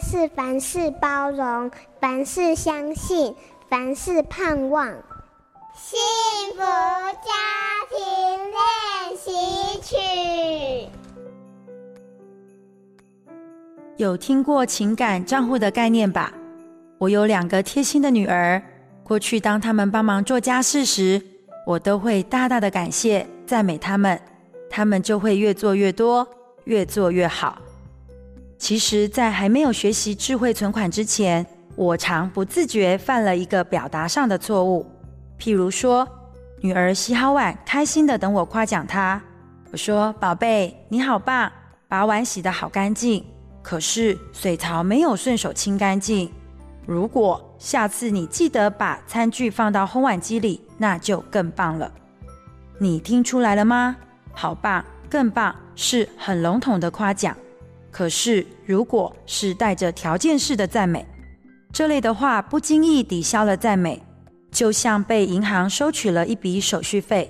是凡事包容，凡事相信，凡事盼望。幸福家庭練習曲。有聽過情感賬戶的概念吧？我有兩個貼心的女兒，過去當她們幫忙做家事時，我都會大大的感謝、讚美她們，她們就會越做越多，越做越好。其實，在還沒有學習智慧存款之前，我常不自覺犯了一個表達上的錯誤。譬如說，女兒洗好碗，開心地等我誇獎她。我說：“寶貝，你好棒，把碗洗得好乾淨。”可是水槽沒有順手清乾淨。如果下次你記得把餐具放到烘碗機裡，那就更棒了。你聽出來了嗎？好棒，更棒，是很籠統的誇獎。可是，如果是帶着條件式的讚美，這類的話不經意抵消了讚美，就像被銀行收取了一筆手續費。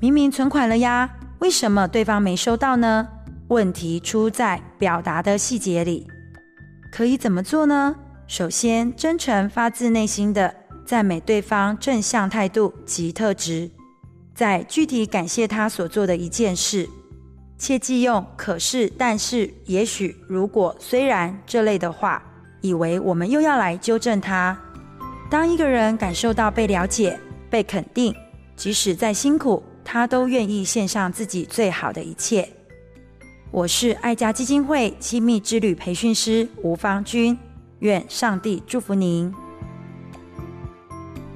明明存款了呀，為什麼對方沒收到呢？問題出在表達的細節裡。可以怎麼做呢？首先，真誠發自內心的讚美對方正向態度及特質，再具體感謝他所做的一件事。切忌用“可是”“但是”“也許”“如果”“雖然”這類的話，以為我們又要來糾正他。當一個人感受到被了解、被肯定，即使再辛苦，他都願意獻上自己最好的一切。我是愛家基金會親密之旅培訓師吳芳君，願上帝祝福您。